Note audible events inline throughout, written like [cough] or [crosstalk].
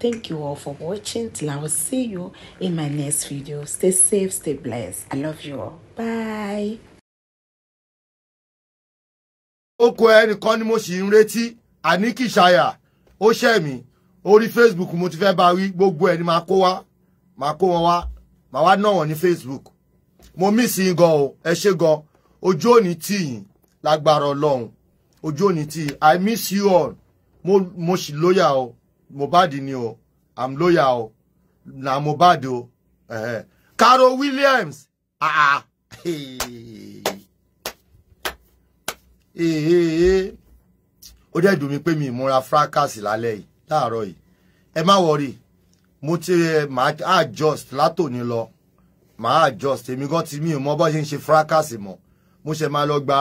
Thank you all for watching. Till I will see you in my next video. Stay safe, stay blessed. I love you all. Bye. Oko ẹnìkan ni mo si ń retí, àní kìsàyà, ó ṣẹ̀ mí, orí Facebook mo ti fẹ́ bá wí, gbogbo ẹni Ma kó wá, máa kó wọn wá, máa wá náà wọ́n ní Facebook. Mo mi si gan o, ẹ ṣé gan, ojú òní tì yín lágbára Ọlọ́run, ojú òní tì I miss you all, mo sì lóyà o. Mohbad ni o i'm loyal o na Mohbad o eh. eh. Carol Williams ah, ah. hey. hey, hey, ó dẹ̀ dùn mí pé mi ìmúra fracas lálẹ́ yìí láàárọ̀ yìí ẹ má wọrí mo ti eh, máa adjust látòní lọ máa adjust èmi gan ti mi ò mọ bó ṣe ń ṣe fracas mọ́ mo ṣe máa lọ gba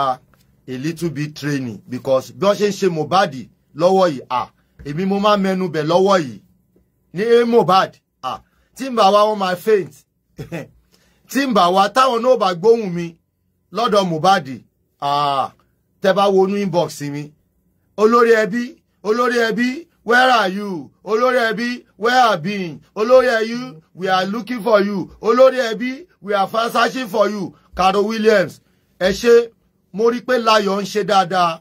a little bit training because bí wọ́n ṣe Mohbad lọ́wọ́ yìí ah èmi mo máa mẹnu bẹ̀ lọ́wọ́ yìí ní eh, Mohbad tí ń bá wa wọ́n máa faint [laughs] tí ń bá wa táwọn náà bá gbóhùn mi lọ́dọ̀ Mohbad tẹ́ bá wọnú inbox mi olórí ẹbí olórí ẹbí where are you olórí ẹbí where have been olórí ẹbí we are looking for you olórí ẹbí we are fast searching for you Carol Williams ẹ ṣe mo rí i pé Láyọ̀ ń ṣe dáadáa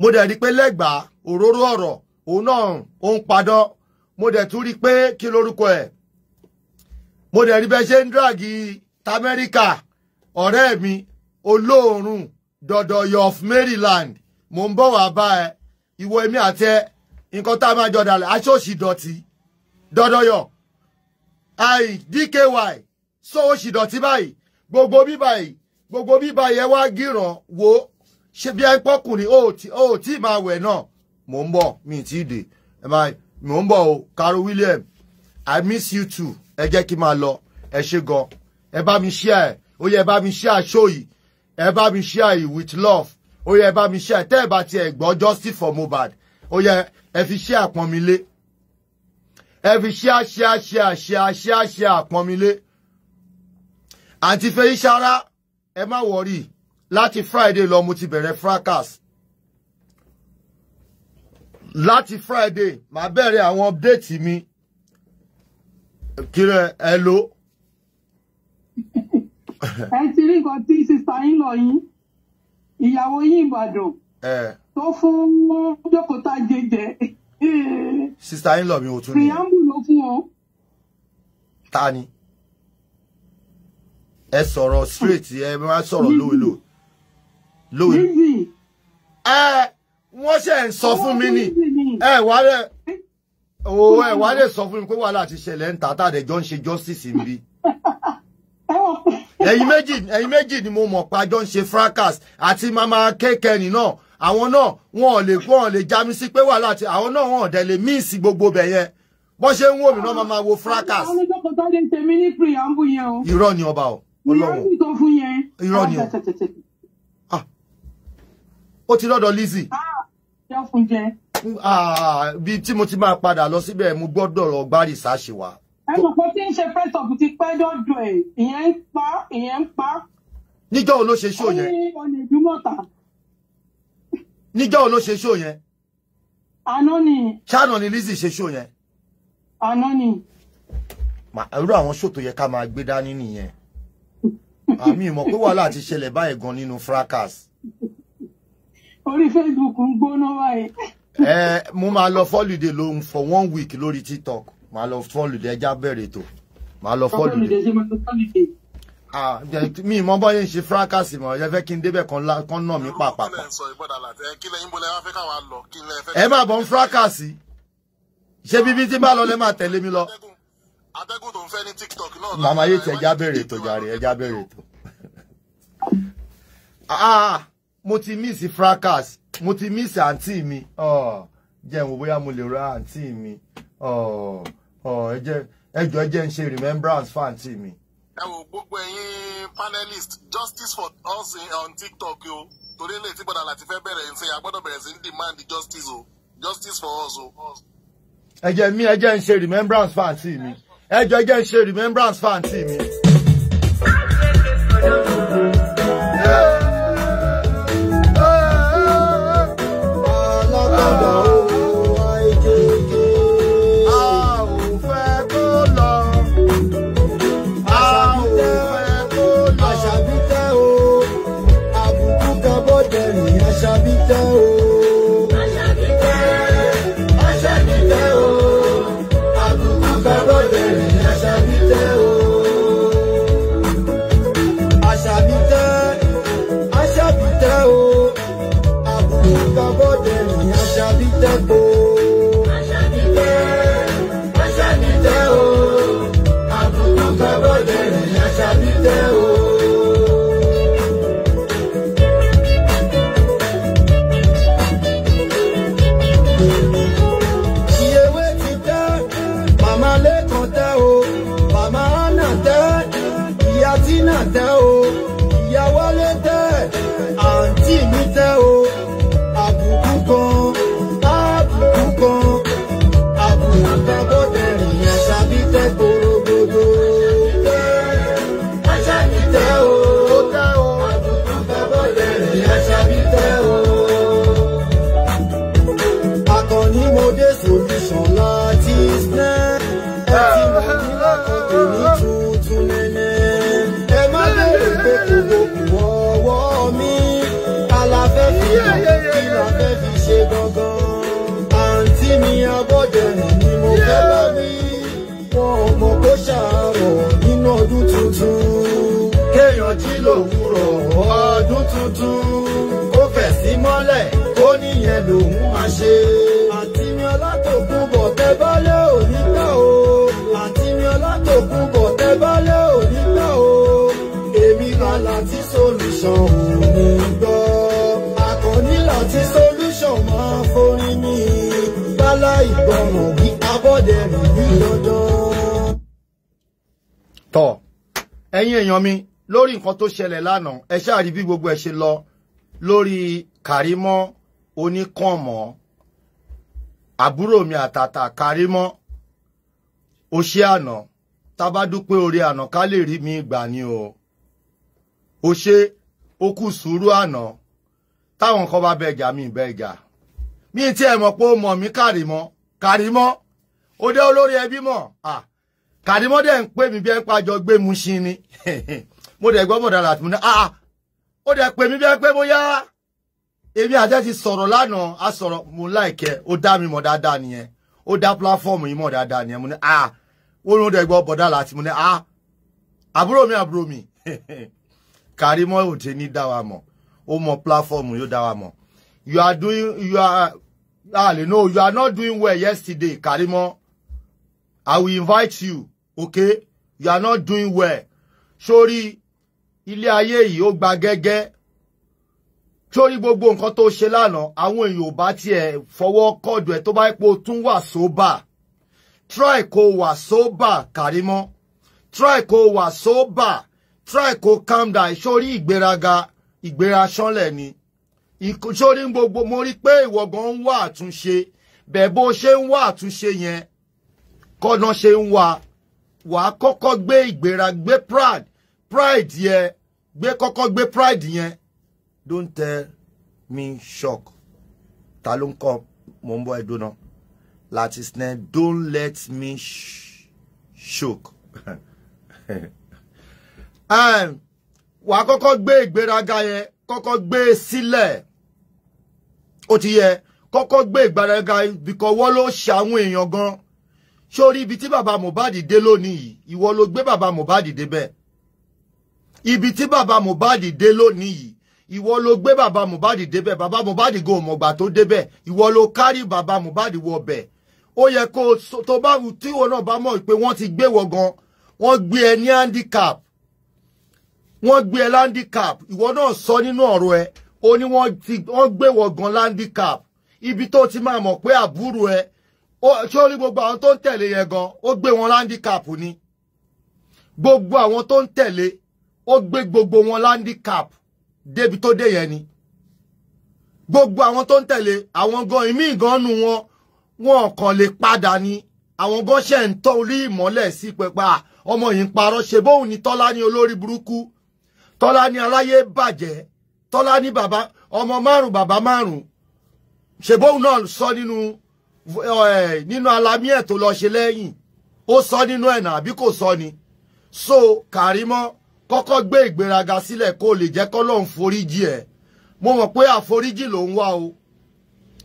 mo dẹ̀ rí i pé lẹ́gbàá òróró ọ̀rọ̀ òun náà ó ń padán mo dẹ̀ tún rí i pé kí lorúkọ ẹ̀ mo dẹ̀ rí bẹ́ẹ̀ ṣe ń dírààgì tamẹ́ríkà ọ̀rẹ́ mi olóòórùn dọ̀dọ̀yọ̀ of Maryland mo ń bọ̀ wá bá ẹ ìwọ èmi àti ẹ nǹkan tá a máa jọ dàlẹ̀ aṣọ́ọ̀ṣì dọ̀tí dọ̀dọ̀yọ̀ i dky sọ́ọ̀ṣì dọ̀tí báyìí gbogbo bíbá yìí gbogbo bíbá yẹn wá gíràn wo ṣe bí ẹ pọ́kùnrin ó tí máa wẹ̀ náà mò ń bọ̀ mi ì tí ì dé ẹ ń bọ̀ o Caro William I miss you too ẹ jẹ́ kí n máa lọ ẹ ṣe gan ẹ bá mi share ẹ ó yẹ ẹ bá mi share show yìí ẹ bá mi share yìí with love ó yẹ ẹ bá mi share tẹ́ ẹ bá tiẹ̀ gbọ́ justice for Mohbad ó yẹ ẹ fi share àpọ́nmilé ẹ fi share share share share share share àpọ́nmilé àǹtí fẹ́yìí sára ẹ má wọrí láti Friday lọ mo ti bẹ̀rẹ̀ fracas láti Friday màá bẹ̀rẹ̀ àwọn update mi kí lẹ ẹ lò. ẹ ti rí nǹkan tí sísá yín lọ yín ìyàwó yín Ìbàdàn tó fún jókòtà jẹjẹ. sísá yín lọ mi ò tún ní. fìyàmù ló fún ọ. ta ni ẹ sọ̀rọ̀ straight ẹ máa sọ̀rọ̀ lówelò lówelò. ẹ wọ́n ṣe ń sọ fún mi ni ẹ wá lẹ owó ẹ wá lè sọ fún mi pé wàhálà ti ṣẹlẹ̀ ń ta àtàdé jọ ń ṣe justice ń bi ẹ̀yin méjì ẹ̀yin méjì ni mo mọ̀ pa jọ ń ṣe fracas àti mama kékeré náà àwọn náà wọn ò lè wọn ò lè já mi sí pé wà láti àwọn náà wọn ò dẹ̀ lè míìsì gbogbo bẹ̀ yẹn bó ṣe ń wò mí náà máa wo fracas. àwọn ọjọ́ kan tó lè tèmi ní preamble yẹn o. irọ́ ni ọba o ọlọ́wọ́ irọ́ ni o ah. ó ti lọ́dọ̀ Lizzie. Ah jọ fún jẹ. Ah, bí tí mo ti máa padà lọ síbẹ̀ mo gbọ́dọ̀ lọ gbárí ìsáṣe wa. ẹ mọ̀ pé tí ń ṣe press up ti pẹ́ dọ́dọ̀ ẹ̀ ìyẹn ń pa ìyẹn ń pa. níjọ́ wo ló ṣe ṣó yẹn. ó ní olè dúmọ̀tà. níjọ́ wo ló ṣe ṣó yẹn. àná ni. ṣáná ni Lizzy ṣe ṣó yẹn. àná ni. irú àwọn ṣòtò yẹ ká máa gbé dání nìyẹn àmì ìmọ̀ pé wàhálà ti ṣẹlẹ̀ báyìí gan nínú fracas orí Facebook ń gbóná báyìí. ẹ mo máa lọ fọ́lùdè lóhun for one week lórí TikTok máa lọ fọ́lùdè ẹja bẹ̀rẹ̀ tó máa lọ fọ́lùdè. Ah, mi mọ bọ́ yẹn ṣe fracasi mọ̀ ẹ fẹ́ kí n débẹ̀ kan náà mi pàpàpà. ẹ má bọ̀ ń fracasi ṣé bíbí tí bá lọ lẹ́ máa tẹ̀lé mi lọ. atẹ́gùn tó ń fẹ́ ní TikTok náà. ti ẹja bẹ̀rẹ̀ ètò jàre ẹja bẹ̀rẹ̀ ètò mo ti miss fracas mo ti miss àǹtí mi oh, jẹ́ ìwọ̀n bóyá mo lè ra àǹtí mi ẹjọ́ oh, oh, ẹ jẹ́ ń ṣe remembrance fún àǹtí mi. ẹ wo gbogbo ẹ̀yin panelist justice for us on tiktok o torí lè ti gbọ́dọ̀ láti fẹ́ bẹ̀rẹ̀ ṣe àgbọ́dọ̀ bẹ̀rẹ̀ sí ní demand justice o justice for us o. ẹ jẹ́ mi ẹ jẹ́ ń ṣe remembrance fún àǹtí mi ẹ jọ ẹ jẹ́ ń ṣe remembrance fún àǹtí mi. ọdún tuntun kéèyàn jí lòwúrọ̀ ọdún tuntun ó fẹ̀sí mọ́lẹ̀ ó níyẹn lòun máa ṣe. àti mi ọlátòkun bọ̀ tẹ́ bọ́lé òní tà o. àti mi ọlátòkun bọ̀ tẹ́ bọ́lé òní tà o. èmi kan láti solution òní gbọ́. àkànní láti solution máa forí mi. bálá ìgbọràn bí abọ́dẹ̀ rìn ní lọ́dọ̀. ẹ̀yin èèyàn mi lórí nǹkan tó ṣẹlẹ̀ lánàá ẹ ṣáà rí bí gbogbo ẹ̀ ṣe lọ lórí Kàrímọ́ oníkànmọ́ àbúrò mi àtàtà Kàrímọ́ òṣì àná tá bá dúpẹ́ orí àná ká lè rí mi gbà ni o ó ṣe ó kù sùúrù àná táwọn kan bá bẹ̀jà mi bẹ̀jà mi tí ẹ mọ̀ pé ó mọ̀ mí Kàrímọ́ Kàrímọ́ ó dé olórí ẹbí mọ̀ ah Karimo dẹ̀ ń pè mí bí ẹ ń pàjọ gbé mu ṣin ni [laughs] mo dẹ̀ gbọ́ bọ̀dà láti mú ní ah ó dẹ̀ pè mí bí ẹ pé bóyá èmi àti ẹ ti sọ̀rọ̀ lánàá a sọ̀rọ̀ mo láìkẹ́ ó dá mi mọ̀ dáadáa nìyẹn ó dá pílàfọ́ọ̀mù yìí mọ̀ dáadáa nìyẹn mo ní ah ó ní ó dẹ̀ gbọ́ bọ̀dà láti mú ní ah àbúrò mi àbúrò mi [laughs] Karimo òde ní dá wa mọ̀ ó mọ̀ pílàfọ́ọ̀mù yóò dá wa mọ̀ you are doing you are ah, no, you are not doing well yesterday Karimo I will invite you okay you are not doing well sórí ilé ayé yìí ó gba gẹ́gẹ́ sórí gbogbo nǹkan tó ṣe lánàá àwọn èèyàn ò bá tiẹ̀ fọwọ́ kọ́ọ̀dù ẹ̀ tó bá pò tún wà sóbà try kó wà sóbà Karimo try kó wà sóbà try kó calm down sórí ìgbéraga ìgbéra ṣánlẹ̀ ni sórí gbogbo mo rí pé ìwọ gan ń wá àtúnṣe bẹ́ẹ̀ bó ṣe ń wá àtúnṣe yẹn kọ́nà wàá kọ́kọ́ gbé ìgbéra gbé pride pride yẹn gbé kọ́kọ́ gbé pride yẹn don't tell me shock ta ló ń kọ́ mò ń bọ́ ẹ̀dùn náà láti sinẹ́ don't let me shock [laughs] um, wàá kọ́kọ́ gbé ìgbéraga yẹn kọ́kọ́ gbé e sílẹ̀ ó ti yẹ kọ́kọ́ gbé ìgbéraga yẹn bìkọ́ wọ́n ló ṣàwọn èèyàn gan-an sórí ibi tí bàbá Mohbad dé lónìí yìí ìwọ ló gbé bàbá Mohbad débẹ̀ ibi tí bàbá Mohbad dé lónìí yìí ìwọ ló gbé bàbá Mohbad débẹ̀ bàbá Mohbad go mọ̀gbà tó débẹ̀ ìwọ ló kárí bàbá Mohbad wọ bẹ̀ ó yẹ kó tó bá wù tí ìwọ náà bá mọ̀ pé wọ́n ti gbé wọ gan wọ́n gbé ẹ ní handicap wọ́n gbé ẹ landicap ìwọ náà sọ nínú ọ̀rọ̀ ẹ ó ní wọ́n gbé wọ gan landicap ibi tó ti máa mọ̀ pé àbúrò ẹ ṣé ó rí gbogbo àwọn tó ń tẹ̀lé yẹn gan ó gbé wọn láńdíkàpù ni gbogbo àwọn tó ń tẹ̀lé ó gbé gbogbo wọn láńdíkàpù débi tó dé yẹn ni gbogbo àwọn tó ń tẹ̀lé àwọn gan ìmíì gan nu wọn wọn kàn lè padà ni àwọn gan ṣe ń tọ́ orí ìmọ́lẹ̀ sí pẹpẹ ọmọ yìí ń parọ́ ṣe bóun ni tọ́lá ní olórí burúkú tọ́lá ní aláyé bàjẹ́ tọ́lá ní bàbá ọmọ márùn bàbá márùn ṣèbóun náà sọ nínú Eh, oh, eh, nínú alamí ẹ̀ tó lọ ṣe lẹ́yìn ó sọ nínú ẹ̀ náà àbí kò sọ ni so Kàrímọ́ kọ́kọ́ gbé ìgbéraga sílẹ̀ kó lè jẹ́ kọ́lọ́hún foríjì ẹ̀ mo mọ̀ pé àforíjì ló ń wá o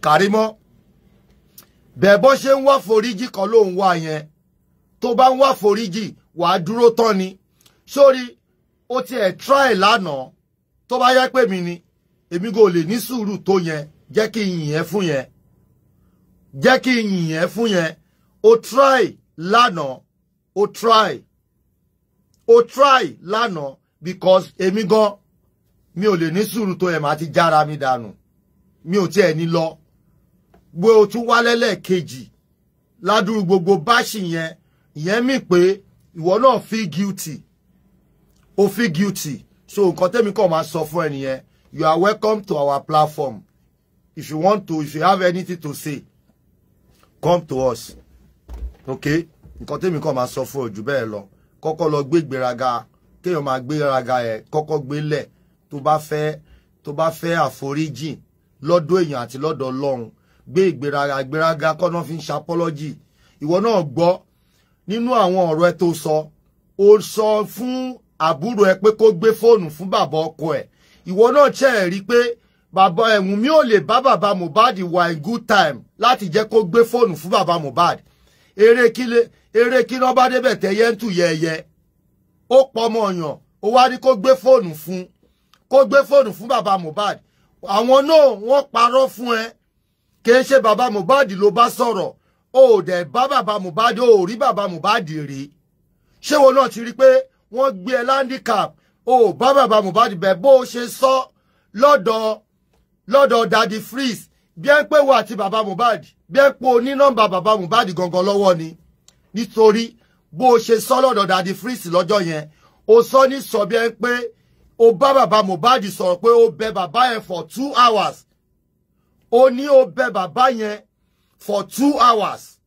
Kàrímọ́ bẹ̀bọ́ ṣe ń wá foríjì kan ló ń wá yẹn tó bá ń wá foríjì wàá dúró tán ni sórí ó tiẹ̀ try lánàá tó bá yẹ pé mi ni èmi kò lè ní sùúrù tó yẹn jẹ́ kí n yìn ẹ́ fún yẹn jẹ́ kí n yìn fún yẹn o try lánàá o try o try lánàá because èmi gan mi ò lè ní sùúrù tó ẹ̀ máa ti jára mi dànù mi ò tiẹ̀ ní lọ gbé o tún wálé lẹ́ẹ̀kejì ládùúgbò gbogbo báṣì yẹn ìyẹn mì pé ìwọ náà feel guilty o feel guilty so nǹkan tẹ́mi kàn máa sọ fún ẹ nìyẹn you are welcome to our platform if you want to if you have anything to say come to us ok nǹkan tèmi kàn máa sọ fún ojú bẹ́ẹ̀ lọ kọ́kọ́ lọ gbé gbéraga kéèyàn máa gbéraga ẹ̀ kọ́kọ́ gbélẹ̀ tó bá fẹ́ tó bá fẹ́ àforíjì lọ́dọ̀ èèyàn àti lọ́dọ̀ ọlọ́run gbé ìgbéraga ìgbéraga kọ́nà fi ń ṣapọ́lọ́jì ìwọ náà gbọ́ nínú àwọn ọ̀rọ̀ ẹ tó sọ ó sọ fún àbúrò ẹ pé kó gbé fóònù fún bàbá ọkọ e. ìwọ náà ṣe rí pé bàbá ẹ̀wùn mi ò lè bá bàbá Mohbad wà in good time láti jẹ́ kó gbé fóònù fún bàbá Mohbad eré kílé eré kí ló bá débẹ̀ tẹ́yẹ ń tù yẹ̀yẹ́ ó pọ̀ ọ̀yàn ó wá ní kó gbé fóònù fún kó gbé fóònù fún bàbá Mohbad àwọn náà wọ́n parọ́ fún ẹ kìí ṣe bàbá Mohbad ló bá sọ̀rọ̀ ó dẹ̀ bá bàbá Mohbad ó rí bàbá Mohbad rí ṣé wo náà ti rí pé wọ́n gbé ẹ landicap ó bá bàbá Mohbad bẹ̀ bó ṣe sọ lọ́dọ̀ lọ́dọ̀ dadi freeze bí ẹ ń pé wo àti bàbá Mohbad bí ẹ ń pé oní nọ́mbà bàbá Mohbad gangan lọ́wọ́ ni nítorí bó o ṣe sọ lọ́dọ̀ dadi freeze lọ́jọ́ yẹn o sọ ní sọ bí ẹ ń pé o bá bàbá Mohbad sọ̀rọ̀ pé o bẹ bàbá yẹn for two hours o ní o bẹ bàbá yẹn for two hours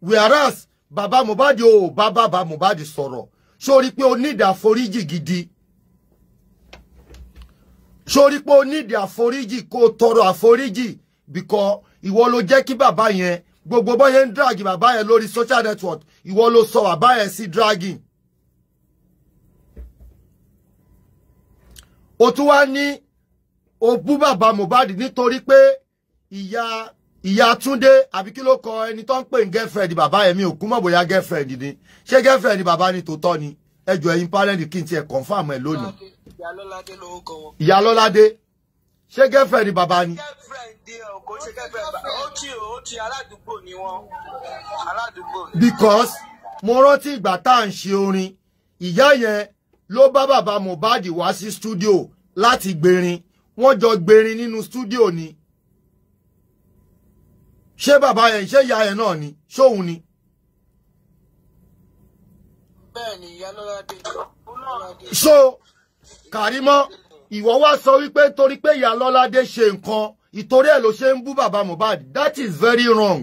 whereas bàbá Mohbad o bá bàbá Mohbad sọ̀rọ̀ sórí pé o ní ìdáforíjì gidi sórí pé o nídìí àforíjì kó o tọrọ àforíjì bìkọ́ ìwọ ló jẹ́ kí bàbá yẹn gbogbo bọ́yẹ ń dragi bàbá yẹn lórí social network ìwọ ló sọ bàbá yẹn sí dragging. o tún wá ní o bú bàbá Mohbad nítorí pé ìyá ìyá Túndé àbí kí ló kọ ẹni tó ń pè ní girlfriend bàbá yẹn mi ò kú mọ̀ bóyá girlfriend ni ṣé girlfriend bàbá ni tòótọ́ ni ẹjọ́ ẹ̀yin parent kí n tiẹ̀ confam ẹ̀ lónìí ìyálọ́ládé lórúkọ wọn. ìyálọ́ládé ṣé gẹ́fẹ̀ ni eh, bàbá ni. because mo rántí ìgbà tá à ń ṣe orin ìyá yẹn ló bá bàbá Mohbad wá sí stúdíò láti gbèrin wọ́n jọ gbèrin nínú stúdíò ni ṣé bàbá yẹn ṣé ìyá yẹn náà ni ṣóun ni. bẹ́ẹ̀ ìyá lọ́la dé. so Kàrímọ́ ìwọ wá sọ wípé torí pé ìyá Lọ́ládé ṣe nǹkan ìtorí ẹ̀ ló ṣe ń bú bàbá Mohbad that is very wrong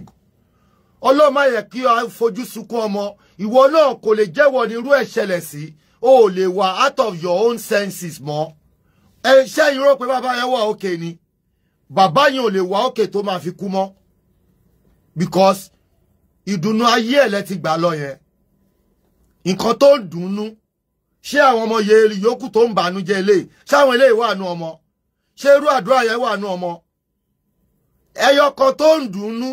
ọlọ́mọ yẹ kí ọ fojú sunkún ọmọ ìwọ náà kò lè jẹ́wọ́ nírú ẹ̀ ṣẹlẹ̀ sí o ò lè wà out of your own senses mọ́ ẹ ṣe ìró pé bàbá yẹn wà òkè ni bàbá yẹn ò lè wà òkè tó máa fi kú mọ́ because ìdùnnú ayé ẹ̀ lẹ ti gbà lọ yẹn nǹkan tó ń dùnnú ṣé àwọn ọmọ yẹri yòókù tó ń bànújẹ́ eléyìí ṣé àwọn eléyìí wà nú ọmọ ṣé irú àdúrà yẹn wà nú ọmọ ẹyọ kan tó ń dùnnú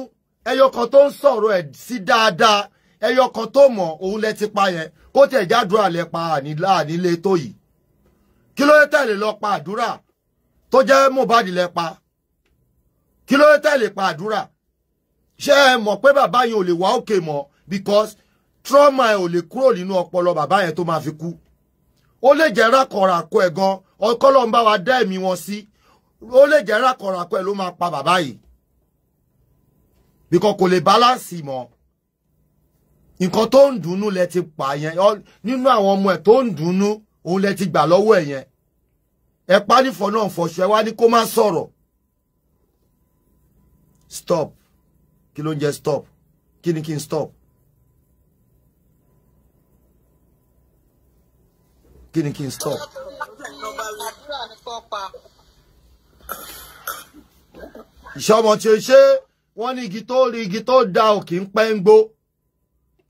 ẹyọ kan tó ń sọ̀rọ̀ ẹ̀ sí dáadáa ẹyọ kan tó mọ̀ òun lẹ ti pa yẹn kó tẹ̀ jádùúrà lẹ pa ànílé tó yìí kí ló tẹ̀lé lọ pa àdúrà tó jẹ́ Mohbad lẹ pa kí ló tẹ̀lé pa àdúrà ṣé ẹ mọ̀ pé bàbá yẹn ò lè wá òkè mọ́ because trauma ẹ ò lè kúrò nínú ọpọlọ bàbá yẹn tó máa fi kú ó lè jẹ́ rákọ̀ràkọ̀ ẹ̀ gan ọkọ́lọ́ ń bá wa dá ẹ̀mí wọn sí ó lè jẹ́ rákọ̀ràkọ̀ ẹ̀ ló máa pa bàbá yìí bíkọ́ kò lè báláǹsì mọ́ nǹkan tó ń dùnnú lẹ ti pa yẹn nínú àwọn ọmọ ẹ̀ tó ń dùnnú òun lẹ ti gbà lọ́wọ́ ẹ̀ yẹn ẹ pánìfọ̀ náà fọṣọ ẹ wá ní kó má sọ̀rọ̀ stop kí ló ń jẹ́ stop kí ni kí n stop kí ni kí n stop. ìṣọmọ tí o ṣe wọ́n ní igi tó rí igi tó da òkè ń pẹ́ ń gbó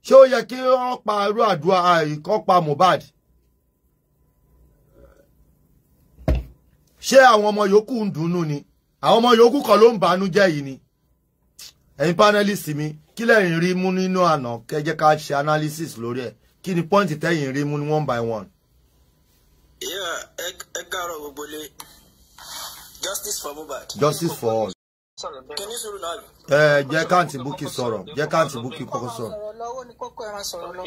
ṣé ó yẹ kí wọ́n pa irú àdúrà àìkọ́ pa Mohbad. ṣé àwọn ọmọ yòókù ń dunnú ni àwọn ọmọ yòókù kan ló ń bànú jẹ́ yìí ni ẹ̀yin panelist mi kí lẹ́yìn rí mú nínú àná kẹ́ ká ṣe analysis lórí ẹ̀ kí ni pọ́ǹtì tẹ́yìn rí mú ní one by one ẹ káàárọ̀ gbogbo lé justice for Mohbad. justice for all. kìnìún sùúrù náà. ẹ jẹ́ káàntì búkì sọ̀rọ̀ jẹ́ káàntì búkì kọ́kọ́ sọ̀rọ̀. lọ́wọ́ ni kókó ẹ máa sọ̀rọ̀ lọ.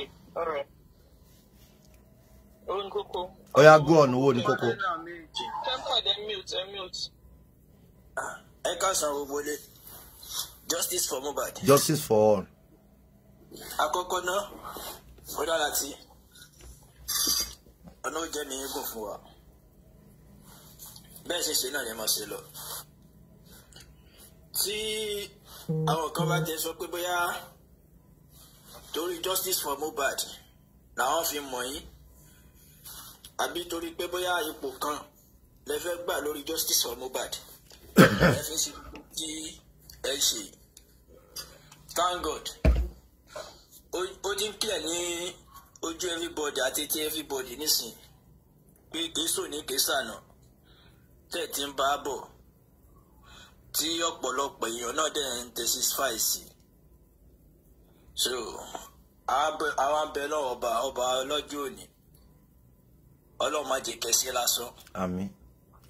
owó ni kókó. ọ̀yá gbọ́ ọ̀nà owó ni kókó. kẹ́kọ̀ọ́ dẹ mute ẹ mute. Ah, ẹ káàsán gbogbo lé justice for Mohbad. justice for all. àkọ́kọ́ náà ó dára tí ọ̀nà ó jẹ́ mi gùn fún wa bẹ́ẹ̀ ṣe ṣe náà yẹn máa ṣe lọ tí àwọn kan bá tẹ sọ pé bóyá torí justice for Mohbad làwọn fi mọ̀ yín àbí torí pé bóyá ipò kan lẹ fẹ́ gbà lórí justice for Mohbad ẹ fi ṣe kí ẹ ṣe thank God ó ti ń kílẹ̀ ní ojú everybody àti ti everybody nísìn pé késo ní késànà tẹ̀tí ń bá bọ̀ tí ọ̀pọ̀lọpọ̀ èèyàn náà dẹ̀ ń testify sí so àwọn abẹ náà ọba ọba ọlọ́jọ́ òní ọlọ́run má jẹ́ kẹsí lásán. àmín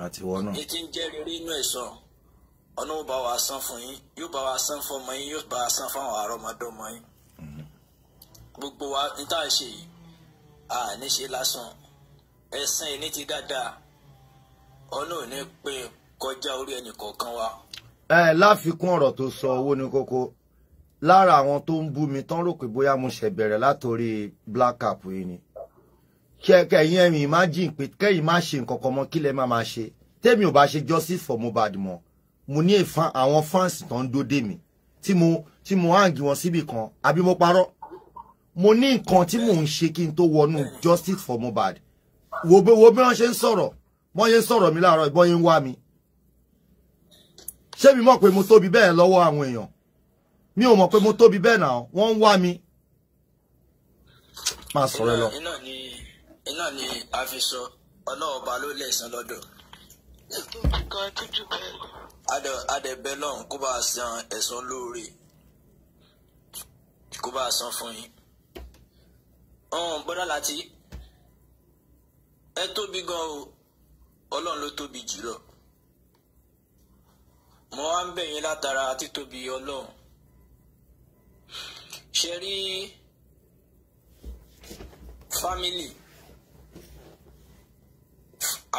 àti wọn náà. ní ti ń jẹ́ rere inú ẹ̀san ọlọ́run bá wa san fún yín yóò bá wa san fún ọmọ yín yóò bá wa san fún àwọn àrọ́mọdọ́mọ yín gbogbo wa ní tá à ń ṣe yìí à ní ṣe lásán ẹ̀sìn ìní ti dáadáa ọ̀nà ò ní pé kọjá orí ẹnì kọ̀ọ̀kan wa. ẹ láfikún ọ̀rọ̀ tó sọ owó ní kókó lára àwọn tó ń bú mi tán rò pé bóyá mo ṣẹ̀ bẹ̀rẹ̀ látòrí black cap yìí ni kẹ̀kẹ̀yìn ẹ̀mí imagine pé kẹ́yìn má ṣe nǹkan kan mọ́ kí lẹ má máa ṣe tẹ́mi ò bá ṣe justice for Mohbad mọ́ mo ní àwọn fans tó ń dó dé mi tí mo tí mo hàn gí wọn síbì kan àbí mo parọ́ mo ní nǹkan tí mò ń ṣe kí n tó wọnú justice for Mohbad wo bí wo bí wọ́n ṣe ń sọ̀rọ̀ wọ́n ṣe ń sọ̀rọ̀ mi láàárọ̀ ìbọn yẹn ń wá mi ṣé mi mọ̀ pé mo tóbi bẹ́ẹ̀ lọ́wọ́ àwọn èèyàn mi ò mọ̀ pé mo tóbi bẹ́ẹ̀ náà wọ́n ń wá mi máa sọ̀rọ̀ lọ. iná ni iná ni a fi sọ ọlọ́ọ̀ba ló lẹ̀sán lọ́dọ̀. adẹ̀bẹ̀ lọ́hùn kó bá san ẹ̀san lóore kó bá san fún yín ọ̀hún bọ́dá láti ẹ tóbi gan o ọlọ́run ló tóbi jùlọ mo wá ń bẹ̀ yín látara títóbi ọlọ́run ṣe rí fámìlì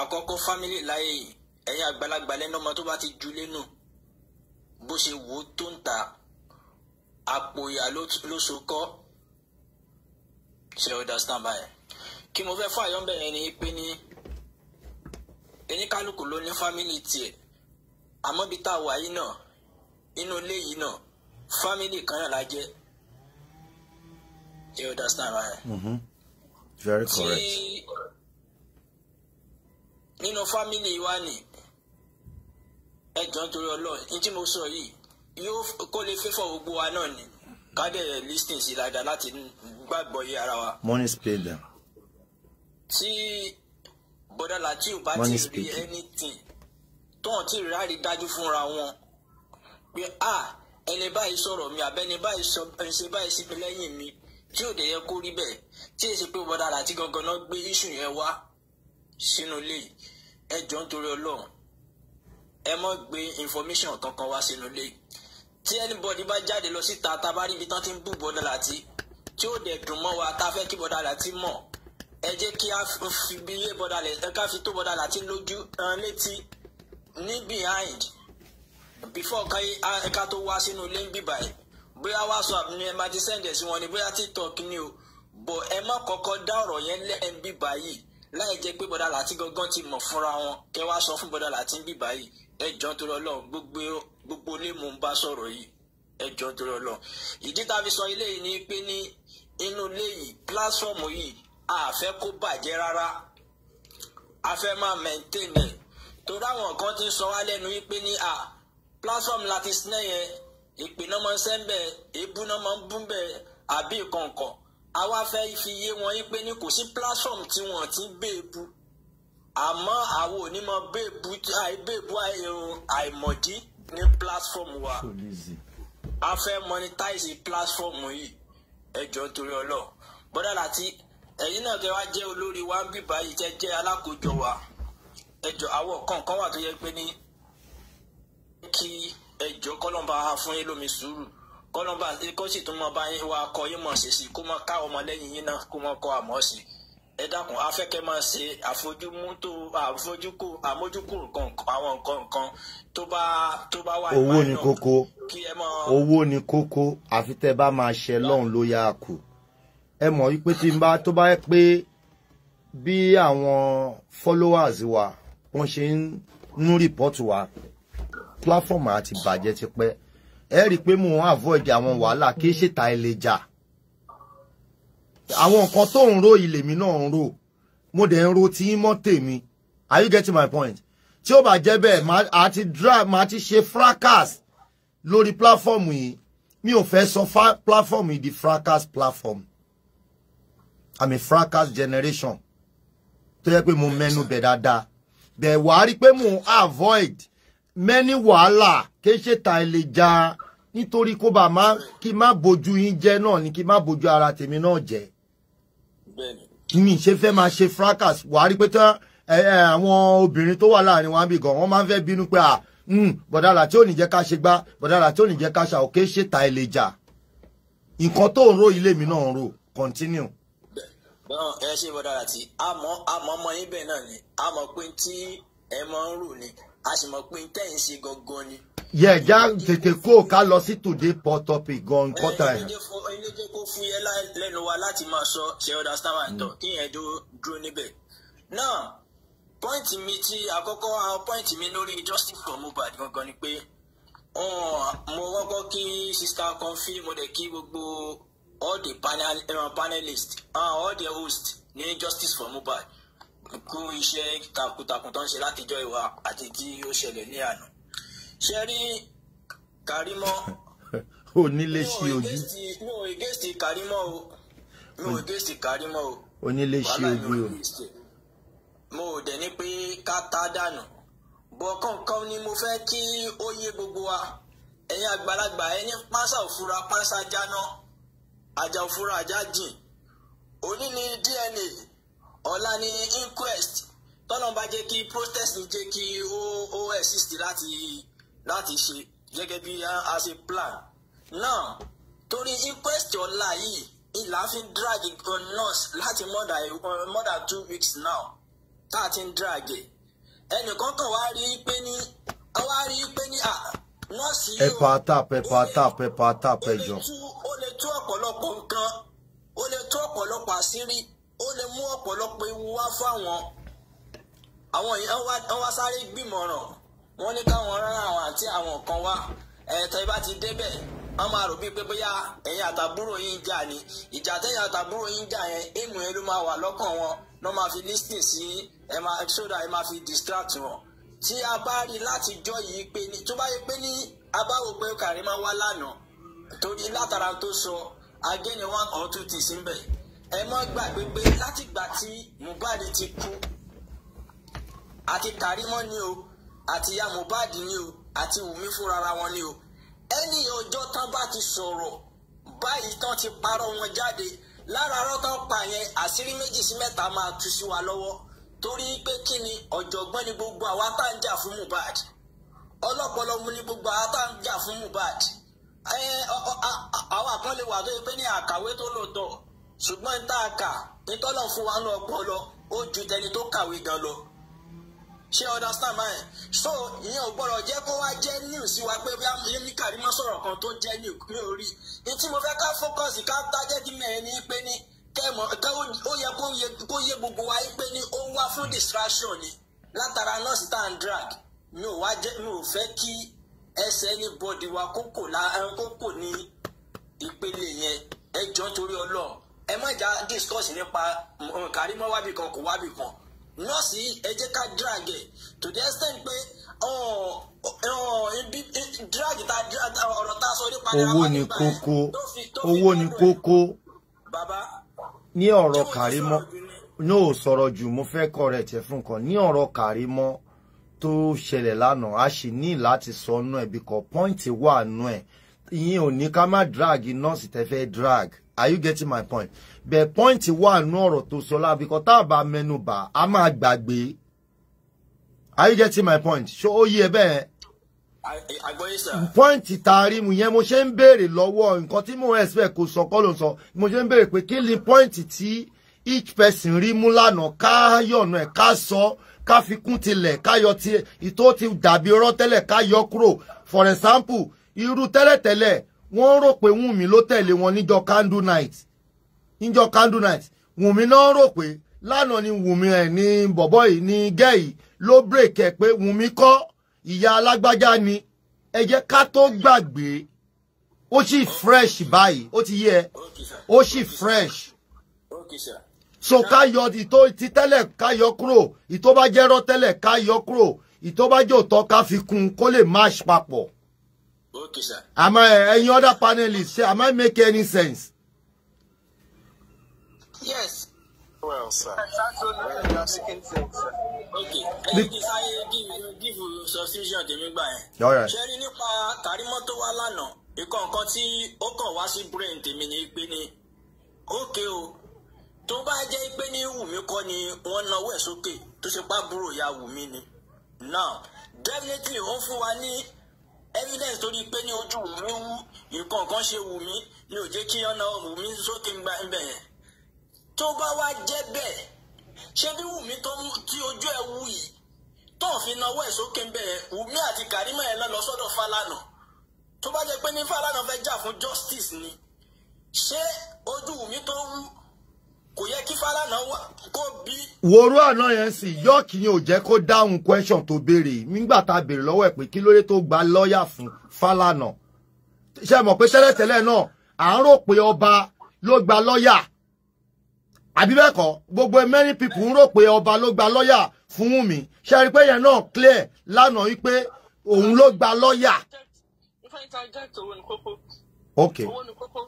àkọ́kọ́ fámìlì láyé yìí ẹ̀yin àgbàlagbà lẹ́nu ọmọ tó bá ti ju lẹ́nu bó ṣe wò ó tó ń ta àpò ìyá ló so kọ́ ṣe ó dá stand kí mo fẹ́ fún àyọ́mbẹ̀ yẹn ni pé ní oníkálukú ló ní fámìlì tiẹ̀ àmọ́ bí tá a wà yìí náà inú ilé yìí náà fámìlì kan náà la jẹ́ ṣe ó dá stand Very correct. nínú fámìlì wa ni ẹ̀jọ̀ nítorí Ọlọ́run ní tí mo sọ yìí yóò kó lè fẹ́fọ̀ gbogbo wa náà ni ká dẹ̀ listing sí dáadáa láti gbàgbọ́ yé ara wa. money spray them. tí bọ́dà Lateef bá ti rí anything tóun ti rí rárí dájú fúnra wọn pé a ẹni báyìí sọ̀rọ̀ mi àbẹ́ni báyìí sọ ẹ̀ṣẹ̀ báyìí síbi lẹ́yìn mi tí ò dẹ̀ yẹ kó rí bẹ́ẹ̀ tí èsì pé bọ́dà Lateef gangan náà gbé issue yẹn wá sínú ilé ẹ jọ̀ọ́ nítorí Ọlọ́run ẹ má gbé information kankan wá sínú ilé yìí tí anybody bá jáde lọ síta tá a bá rí ibi tán ti ń bú bọ́dà láti tí ó dẹ̀ dùn mọ́ wa tá a fẹ́ kí bọ́dà láti mọ̀ ẹ jẹ́ kí a fi bí yé bọ́dà láti ká fi tó bọ́dà láti lójú létí ní behind before ká tó wá sínú ilé ń bíbà yìí bóyá whatsapp ni ẹ máa ti sẹ́ǹdẹ̀ sí wọn ni bóyá tiktok ni o bọ̀ ẹ má kọ́kọ́ dá ọ̀rọ̀ yẹn lẹ́ẹ̀ń bíbà yìí láì jẹ́ pé bọ́dà láti gangan ti mọ̀ fúnra wọn kẹ́ wá sọ fún bọ́dà láti ń bíbà yìí ẹ jọ́ torí ọlọ́run gbogbo gbogbo ilé mò ń bá sọ̀rọ̀ yìí ẹjọ́ tó lọ lọ ìdí tá a fi sọ ilé yìí ni pé ní inú ilé yìí pílásọ̀mù yìí a fẹ́ kó bàjẹ́ rárá a fẹ́ máa mẹ́ńtẹ́nì torí àwọn kan ti sọ wá lẹ́nu yìí pé ní a pílásọ̀mù láti sinẹ́ yẹn ìpè náà máa ń sẹ́ńbẹ̀ èébú náà máa ń búńbẹ̀ àbí ìkọ̀ǹkọ̀ àwa fẹ́ fi yé wọn yìí pé ní kò sí pílásọ̀mù tí wọ́n ti bẹ́ẹ̀bù àmọ́ àwọn onímọ̀ bẹ́ẹ̀bù àìbẹ́ẹ̀bù àìmọ̀dí ní platform wa a fẹ́ monetize platform yìí ẹ jọ̀ọ́ torí Ọlọ́run bọ́dà láti ẹ̀yin náà tẹ́ wá jẹ́ olórí wa ń bì báyìí tẹ́ jẹ́ alákòójọ wa ẹ jọ̀ọ́ àwọn kọ̀ọ̀kan wà tó yẹ pé ní kí ẹ jọ̀ọ́ kọ́lọ́mbà fún yín lómi sùúrù kọ́lọ́mbà kó sì tún mọ bá yín wa kọ yín mọ̀ ṣèṣì kó mọ ká ọmọ lẹ́yìn yín náà kó mọ kọ àmọ́ sí i ẹ dákun afẹ́kẹ́ máa ṣe àfojúmútó àfojúkù àmójúkù nǹkan àwọn nǹkan nǹkan tó bá tó bá wà. owó ni kókó owó ni kókó àfi tẹ́ bá máa ṣe lọ́hùn ló yá kù ẹ mọ̀ wípé tí n bá tó bá yẹ pé bí àwọn followers wa wọ́n ṣe ń nú rìpọ́tù wa platform àti bàjẹ́ ti pẹ́ ẹ rí i pé mò ń avoid àwọn wàhálà kì í ṣètà ẹ lè jà. Ja àwọn nǹkan tó ń ro ilé mi náà ń ro mo dẹ̀ ń ro tí mọ́ tèmi are you getting my point tí ó bá jẹ́ bẹ́ẹ̀ màá ti drive màá ti ṣe fracas lórí platform yìí mi ò fẹ́ sọ platform yìí di fracas platform i'm a fracas generation tó yẹ pé mo mẹ́nu bẹ̀ dáadáa bẹ̀ wá rí pé mo avoid many wàhálà kì í ṣe ta ilé já nítorí kó bá má kí má bójú yín jẹ́ náà ni kí má bójú ara tèmi náà jẹ́ kí ni ṣe fẹ́ máa ṣe fracas wàá rí pé tán àwọn obìnrin tó wà láàrin wa bí gan wọ́n máa ń fẹ́ bínú pé à hmm, bọ̀dàlà tí ò ní jẹ́ ká ṣe gbá bọ̀dàlà tí ò ní jẹ́ ká ṣà òkè ṣe ta ilé jà nǹkan tó ń ro ilé mi náà ń ro continue. náà ẹ ṣe bọ̀dàlà tí a mọ̀ ọmọ yín bẹ́ẹ̀ náà ni a mọ̀ pé tí ẹ máa ń rò ni a sì mọ̀ pé tẹ́ ń ṣe gangan ni. yẹ já tètè kó o ká lọ sí today port topic gan kọta ẹ. ilé jẹ́ kó fún yẹ lẹ́nu wa láti máa sọ ṣe ọ̀dà starman tán kí yẹn dúró níbẹ̀. náà pọ́ìntì mi ti àkọ́kọ́ àwọn pọ́ìntì mi lórí justice for mobile. gangan ni pé mo kọ́kọ́ kí sista Comfy mo dẹ̀ kí gbogbo all the panel, eh, panelists uh, ah, all the hosts ní justice for mobile kú iṣẹ́ takuntakun tó ń ṣe látijọ́ ìwà àti tí ó ṣẹlẹ̀ ní àná ṣe rí Karimọ́ onílé [laughs] sí ojú mi ò gẹ́sì Karimọ́ o mi ò gẹ́sì Karimọ́ o onílé sí ojú o mo ò dẹ̀ ní pé ká tá a dànù bọ̀ kọ̀ọ̀kan ni mo fẹ́ kí ó yé gbogbo wa ẹ̀yin àgbàlagbà ẹni pánsá òfura pánsá jáná ajá òfura ajá jìn òní DNA ọ̀la ni inquest tọ́lọ́n bá jẹ́ kí protest jẹ́ kí ó ó exist láti láti ṣe gẹ́gẹ́ bí a ṣe plan náà torí inquest ọ̀la yìí ìlà fi ń drag on nurse láti more than two weeks now tá a ti ń drag ẹ̀ e. ẹnìkan kan wá rí i pé ní wá rí i pé ní nọ́ọ̀sì yìí ẹ̀pà tap ẹ̀pà tap ẹ̀pà tap ẹ̀jọ̀. ó lè tú ọ̀pọ̀lọpọ̀ nǹkan ó lè tú ọ̀pọ̀lọpọ̀ àṣírí ó lè mú ọ̀pọ̀lọpọ̀ ewu wá fáwọn àwọn yìí wọ́n wá sáré gbìmọ̀ràn wọ́n ní káwọn rárá àwọn àti àwọn kan wá ẹ̀ẹ́tẹ́ bá ti débẹ̀ wọ́n máa rò bíi pé bóyá ẹ̀yin àtàbúrò yín jà ni ìjà tẹ̀yin àtàbúrò yín jà yẹn èèmù yẹn ló máa wà lọ́kàn wọn ló máa fi lísìn sí ẹ máa sódà ẹ máa fi distract wọn. tí a bá rí látijọ́ yìí pé ní tó bá yẹ pé ní abáwo pé Karimo wá lánàá torí látara tó sọ agẹ́ni one or two things ń bẹ̀ ẹ mọ́ gbàgbé pé látìgbà tí Mohbad ti kú àti Karimo ni o àti ya Mohbad ni o àti Wùmí fúnra wọn ni o ẹni ọjọ́ tán bá ti sọ̀rọ̀ báyìí tán ti parọ́ wọn jáde lára ọ̀rọ̀ tán pa yẹn àṣírí méjì sí mẹ́ta máa tú sí wa lọ́wọ́ torí pé kí ni ọ̀jọ̀gbọ́n ni gbogbo àwa tá ń jà fún Mohbad ọlọ́pọlọ mu ni gbogbo àwa tá ń jà fún Mohbad àwọn àkànlè wà tó yẹ pé ní àkàwé tó lòótọ́ ṣùgbọ́n tá a kà nítọ́lọ̀ fún wa ní ọpọlọ ó ju tẹni tó kàwé gan lọ ṣé understand báyìí so ìyẹn ò gbọ́dọ̀ jẹ́ kó wá jẹ́ news sí wa pé bí a ní Karimo sọ̀rọ̀ kan tó jẹ́ news ní orí ní tí mo fẹ́ ká fókọ̀sì ká tájẹ́tì mẹ́rin ní pé ní kẹ́mọ̀ kẹ́ ó yẹ kó yé gbogbo wa pé ní ó wá fún distraction ni látara nọ́ọ̀sì tá drag mi ò wá jẹ́ mi ò fẹ́ kí ẹsẹ̀ anybody wa kókò ní ìpele yẹn ẹ jọ̀ọ́ torí Ọlọ́run ẹ má já discuss nípa mm, Karimo wábì kan kò wábì kan nọ́ọ̀sì ẹ jẹ́ ká drag ẹ̀ to the extent pé drag ta ọ̀rọ̀ ta sọ nípa owó ni kókó owó ni kókó ní ọ̀rọ̀ Karimo ní ò sọ̀rọ̀ jù mo fẹ́ correct ẹ fún kan ní ọ̀rọ̀ Karimo tó ṣẹlẹ̀ lánàá a sì ní láti sọ nú ẹ̀ bíkọ́ pọ́ǹtì wà nú ẹ̀ ìyẹn ò ní ká má drag nọ́ọ̀sì tẹ́ fẹ́ drag are you getting my point bẹ́ẹ̀ point wà nú ọ̀rọ̀ tó sọ láàbí kan tá a bá mẹ́nu bà á máa gbàgbé are you getting my point ṣó ó yé bẹ́ẹ̀ point taari mu yẹn mo ṣe ń béèrè lọ́wọ́ nǹkan tí mo expect kò sọ kọ́ ló sọ mo ṣe ń béèrè pé kí ni point tí each person rí mú lánàá ká yọ̀nà ẹ̀ ká sọ ká fi kún tilẹ̀ ká yọ ti ìtó ti dàbí ọ̀rọ̀ tẹ́lẹ̀ ká yọ kúrò for example irú tẹ́lẹ̀tẹ́lẹ̀ wọ́n rò pé wùnmí ló tẹ̀lé wọn níjọ candle night níjọ candle night wùnmí náà rò pé lánàá ni wùnmí ẹ̀ ní bọ̀bọ̀ yìí ní gẹ́yì ló break ẹ̀ pé wùnmí kọ́ ìyá alágbájá ni ẹ jẹ́ ká tó gbàgbé ó sì fresh báyìí ó ti yẹ ó sì fresh so ká yọ ìtò ti tẹ́lẹ̀ ká yọ kúrò ìtò bá jẹ́rọ́ tẹ́lẹ̀ ká yọ kúrò ìtò bá jẹ́ òótọ́ ká fi kún kó lè másh papọ̀. Okay, sir. Am I any other panelists? Am I making any sense? Yes. Well, sir. That's making sense, sir. Okay. Ẹ ti sáyé gífù substitution tèmi gbà yẹn. All right. Ṣé rí nípa Kàrímọ́ tó wá lánàá? Ìkọ̀ nǹkan tí ó brain tèmi ni pé ni ókè o tó bá jẹ́ pé ní Wùmí kọ́ ni wọ́n náwó ẹ̀ ya Wùmí Now definitely ó ń fún evidence torí pé ní ojú mi wú nǹkan kan ṣe wù mí ni ò jẹ́ kí ọ̀nà wù mí sókè ń gba ibẹ̀ yẹn tó bá wá jẹ́ bẹ́ẹ̀ ṣé bí wù mí tí ojú ẹ wù yìí tóun fi nawọ́ ẹ̀ sókè ń bẹ̀ yẹn wù mí àti Karimo ẹ̀ lọ sọ́dọ̀ Falana tó bá jẹ́ pé ní Falana fẹ́ jà fún justice ni ṣé ojú wù mí tó wòrú àná yẹn sì yọ́ọ̀kì yẹn ò jẹ́ kó dáhùn question tó béèrè nígbà tá a béèrè lọ́wọ́ ẹ̀ pé kí lóde tó gba lọ́ọ̀yà fún Fálànà ṣe mọ̀ pé tẹ́lẹ̀tẹ́lẹ̀ náà à ń rò pé ọba ló gba lọ́ọ̀yà àbí bẹ́ẹ̀ kọ́ gbogbo many people ń rò pé ọba ló gba lọ́ọ̀yà fún Wùmí ṣe rí pé yẹn náà clear lánàá wípé òun ló gba lọ́ọ̀yà. ok. owó ni kókó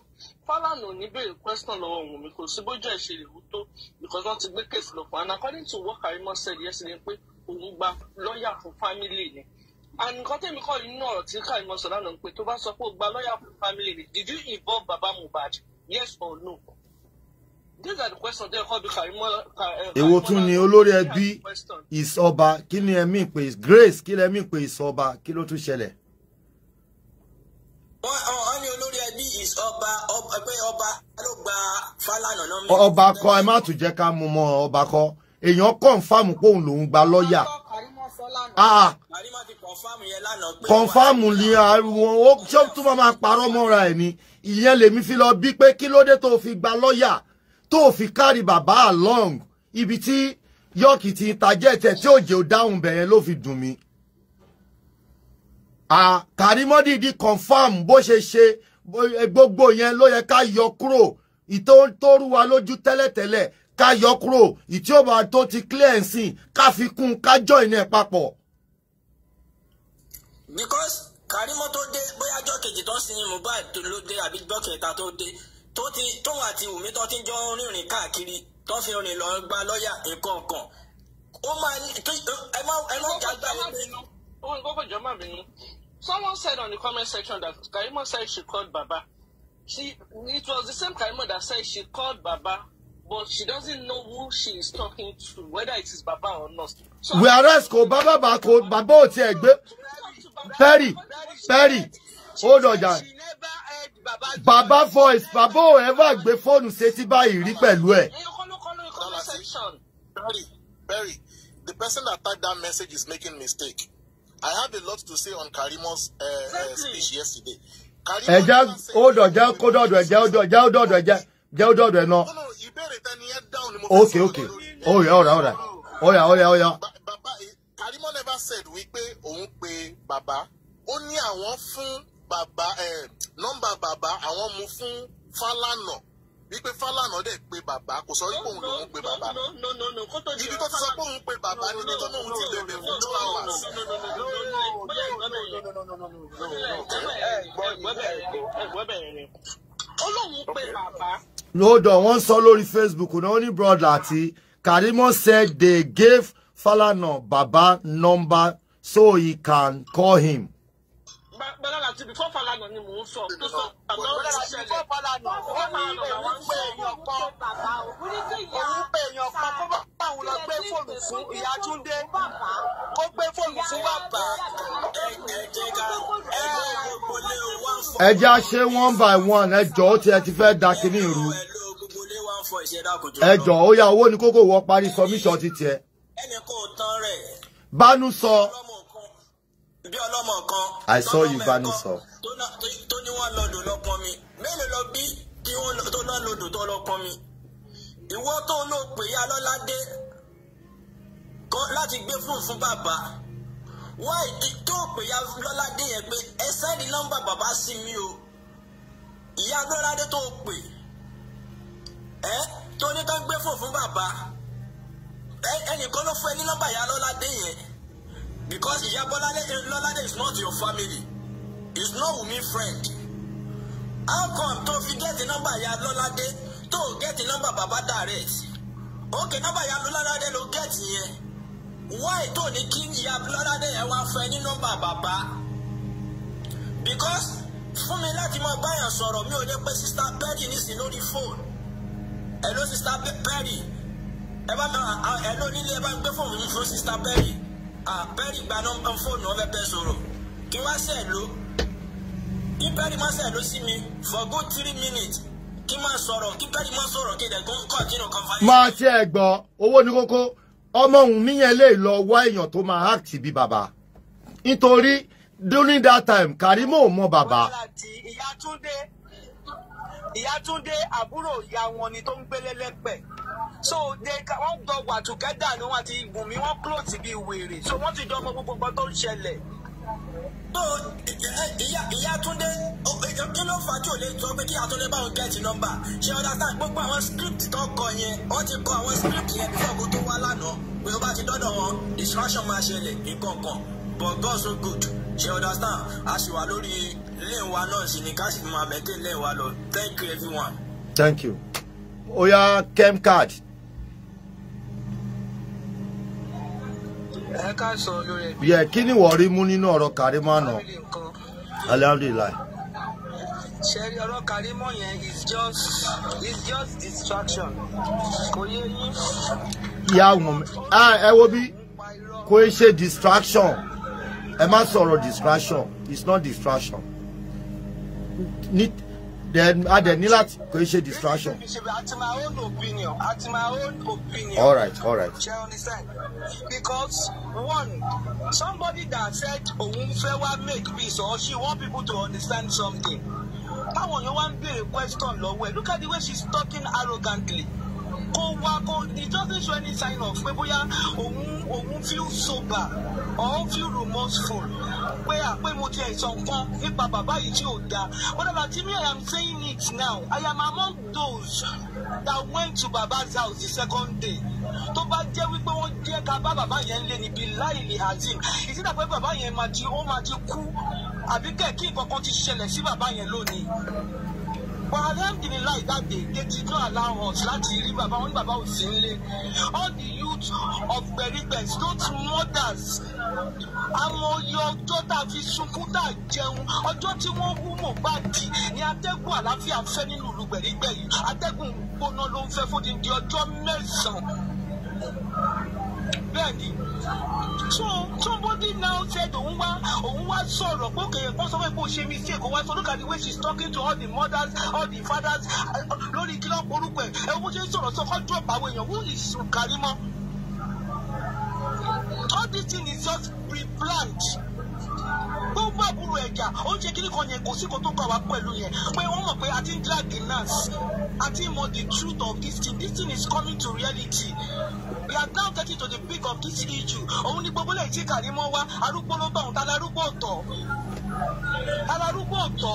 Falana ò ní béèrè question lọ́wọ́ òun mi kò sí bójú ẹ̀ ṣe lè wú tó because wọ́n ti gbé case lọ fún and according to what Karimo said yesterday pé òun gba lọ́ọ̀yà fún family ni and nǹkan tẹ̀mí kọ́ nínú ọ̀rọ̀ tí Karimo sọ lánàá pé tó bá sọ pé ó gba lọ́ọ̀yà fún family ni did you involve Baba Mohbad yes or no these are the questions tẹ́ ẹ kọ́ bí Karimo. èwo tún ni olórí ẹbí ìsọba kí ni ẹ mí pé grace kí lẹ mí pé ìsọba kí ló tún ṣẹlẹ̀ wọ́n ní olórí ẹbí is ọba pé ọba ló gba Fálànà náà. ọba kọ ẹ má tún jẹ́ ká mú mọ́ ọba kọ èèyàn kọ̀ǹfàmù pé òun lòún gba lọ́ọ̀yà. kọ̀ǹfàmù ah, ah. ni àwọn ah, ó tún fọ́ máa parọ́ mọ́ra ẹ̀ ni ìyẹn lèmi fi lọ bí pé kí ló tó fi gba lọ́ọ̀yà tó fi kárí bàbá along ibi tí yọ̀ọ̀kì ti tajẹ́ tẹ̀ tí òjò dáhùn bẹ̀yẹn ló fi dùn mí. Kàrímọ́dìdì confam bó ṣe ṣe gbogbo yẹn ló yẹ ká yọ kúrò ìtò tó rú wa lójú tẹ́lẹ̀tẹ́lẹ̀ ká yọ kúrò ìtí ò bá tó ti clear nsìn ká fi kún ká join ẹ̀ papọ̀. because Kàrímọ́ tó dé bóyá jọ́ kejì tó ń sin Mohbad ló dé àbí jọ́ kẹta tó dé tó ti tóun àti Wùmí tó ti jọ rìnrìn káàkiri tó fi rìn lọ gba lọ́ọ̀yà nǹkan kan ó máa ẹ má ẹ má jágbá ẹ bínú. ó ń gbọ́dọ̀ jọ má bínú. Someone said on the comment section that Karimo said she called Baba. She, it was the same Karimo that said she called Baba, but she doesn't know who she is talking to, whether it is Baba or not. So Whereas ko Baba ba ko Baba o ti egbe. Perry, Perry, hold on, Jan. Baba voice, Baba ever before. phone say ti báyìí rí pẹ̀lú ẹ̀. Perry, Perry, the person that typed that message is making mistake. I had a lot to say on Karimo's uh, uh, speech yesterday. Karimo ẹja ó dọ̀jẹ́ kó dọ̀dọ̀ ẹ̀jẹ̀ ó dọ̀jẹ́ ó dọ̀dọ̀ okay okay oya oya oya oya oya oya. Karimo never said wípé òun pe bàbá ó ní àwọn fún bàbá nọ́mbà bàbá àwọn mú fún Fálànà wípé Fálànà dẹ̀ pé bàbá kò sọ wípé òun lòun pé bàbá ibi tó ti sọ pé òun pé bàbá níbi tó náà òun ti bẹ̀bẹ̀ fún two hours. olóhùn pé bàbá. lóòdọ̀ wọ́n sọ lórí Facebook náà ó ní brother àti Karimo said they gave Falana baba number so he can call him bọ́lára ti bìfọ́ falana ni mò ń sọ tó sọ àbá òun ti ṣẹlẹ̀ ó máa lọ àwọn èèyàn kan òun pé èèyàn kan kó bá àwọn lọ gbé fóònù fún ìyá Túndé kó gbé fóònù fún bàbá. ẹ jẹ́ ṣe one by one ẹ jọ̀ọ́ tí ẹ ti fẹ́ da kíní ìrú ẹ jọ̀ọ́ ó yá owó ní kókó wọ parí submission ti tiẹ̀. bánú sọ. So, bí ọlọ́mọ kan. I saw you vanisọ. tó ní wọ́n lọ́dọ̀ lọ́pọ̀n mi mélòó lọ bí kí wọ́n tó lọ́ lọ́dọ̀ tó lọ́pọ̀n mi. ìwọ tó ló pè é alọ́ládé láti gbé fún fún bàbá wọ́n tó pè é alọ́ládé yẹn pé ẹ sẹ́ẹ̀dì nọ́mbà bàbá sí mi o ìyá alọ́ládé tó pè ẹ tó ní ká gbé fún fún bàbá ẹnìkan ló fún ẹ ní nọ́mbà ìyá alọ́ládé yẹn because ìyá Bọ́ládé Lọ́ládé is not your family is not Wunmi friend how come to tó fi gẹ́ẹ̀tì nọ́mbà ìyá to get the number Baba direct okay nọ́mbà ìyá Lọ́ládé ló gẹ́ẹ̀tì yẹn why tó ní kí ìyá Lọ́ládé yẹn wá fẹ́ ní number Baba? because fún mi láti máa báyàn sọ̀rọ̀ mi ò lè pe sister Perry nísìnyí lórí fóònù hello sista Perry ẹ bá mi hello nílé ẹ bá mi gbé fóònù mi fún sista Perry àpẹẹrẹ ìgbà náà fóònù ọbẹ̀ bẹ́ẹ̀ sọ̀rọ̀ kí wá sẹ̀ ló kí pẹ́ẹ́rì má sẹ̀ ló sí mi for good three minutes kí má sọ̀rọ̀ kí pẹ́ẹ́rì má sọ̀rọ̀ kí ẹ̀dẹ̀gún kọ̀ kí nìkan fà yín. máa tiẹ̀ gbọ́ owó ní kókó ọmọ òun míyẹn lè lọ wá èèyàn tó máa act bí bàbá nítorí during that time Karimo ò mọ bàbá. wàhálà tí ìyá Túndé ìyá àbúrò ìyá wọn ni tó ń gbélé lẹ́pẹ̀ so they wọ́n jọ wà together ni wọ́n àti Wùmí wọ́n close bí wèrè so wọ́n ti jọ mọ gbogbo nǹkan tó ń ṣẹlẹ̀. ìyá ìyá Túndé kí ló fà á tí ò lè sọ pé kí Àtúndé báwọn gẹ́ẹ̀tì nọ́mbà ṣé ọ̀dà sáà gbogbo àwọn script tó kọ yẹn wọ́n ti kọ àwọn script yẹn bí ọ̀gọ́ tó wá lánàá pé ó bá ti dọ́dọ̀ wọn distraction máa ṣẹlẹ̀ nǹkan kan but God so good ṣe understand a lórí lẹ́yìn wa náà sì ni ká sì máa maintain lẹ́yìn wa lọ thank you everyone. thank you oya kem card. ẹ ká sọ lórí ẹbí. yẹ kí ni wọ́n rí mú nínú ọ̀rọ̀ Karimo náà alhamdulilayi. Ṣẹ́rí ọ̀rọ̀ Karimo yẹn is just is just distraction. Kò yé yín. Ìyá àwọn ah, ẹ wo bí kò ṣe distraction ẹ má sọ̀rọ̀ distraction it's not distraction ní then a dẹ̀ ní láti kò ṣe distraction. at my own opinion at my own opinion. all right all right. ṣe understand because one somebody that said òun fẹ́ wá make peace or she want people to understand something táwọn yóò wá ń béèrè question lọ́wọ́ ẹ̀ look at the way she's talking arrogantly kó wá kó it doesn't show any sign of pé bóyá òun òun feel sober or feel remorseful pé àpé mo ti ẹ̀sọ̀ nǹkan nípa bàbá yìí tí ò dáa but bàbá I am saying it now I am among those that went to baba's house the second day tó bá jẹ́ wípé wọ́n jẹ́ ká bá bàbá yẹn lé níbi láìlè hazim. ìsìtà pé bàbá yẹn máa ti ó máa ti kú àbí kẹ̀kí nǹkan kan ti ṣẹlẹ̀ sí bàbá yẹn lónìí alhamdulilayi that day they did not allow us láti rí bàbá wọn ní bàbá òsì nílé all the youth of gbẹ̀rígbẹ̀ don't mothers amòye ọjọ́ tá a fi sunkún tá a jẹun ọjọ́ tí wọ́n hú Mohbad ní atẹ́gùn àlàáfíà fẹ́ nínú ìlú gbẹ̀rígbẹ̀ yìí atẹ́gùn gbóná ló ń fẹ́ fódìdí ọjọ́ mẹ́sàn-án bẹ́ẹ̀ ni so somebody now said òun wá òun wá sọ̀rọ̀ pé òkè wọ́n sọ pé kò ṣe mistake kò wá sọ look at the way she talking to all the mothers all the fathers lórí kílọ̀ orúkọ ẹ̀ ẹ̀ wọ́n ṣe ń sọ̀rọ̀ sọ kọ́ drop àwọn èèyàn who is Karimo all this thing is just pre-planned gbogbo àbúrò ẹ̀jà ó ń ṣe kí nìkan yẹn kò sí kó tó kọ̀ wá pẹ̀lú yẹn pé wọ́n mọ̀ pé a ń drag the nurse a ti mọ the truth of this thing this thing is coming to reality We are now getting to the peak of this issue òun ni gbogbo lẹ́yìn tí Karimo wá arúgbó ló bá òun ta larúgbó ọ̀tọ̀ alarúgbó ọ̀tọ̀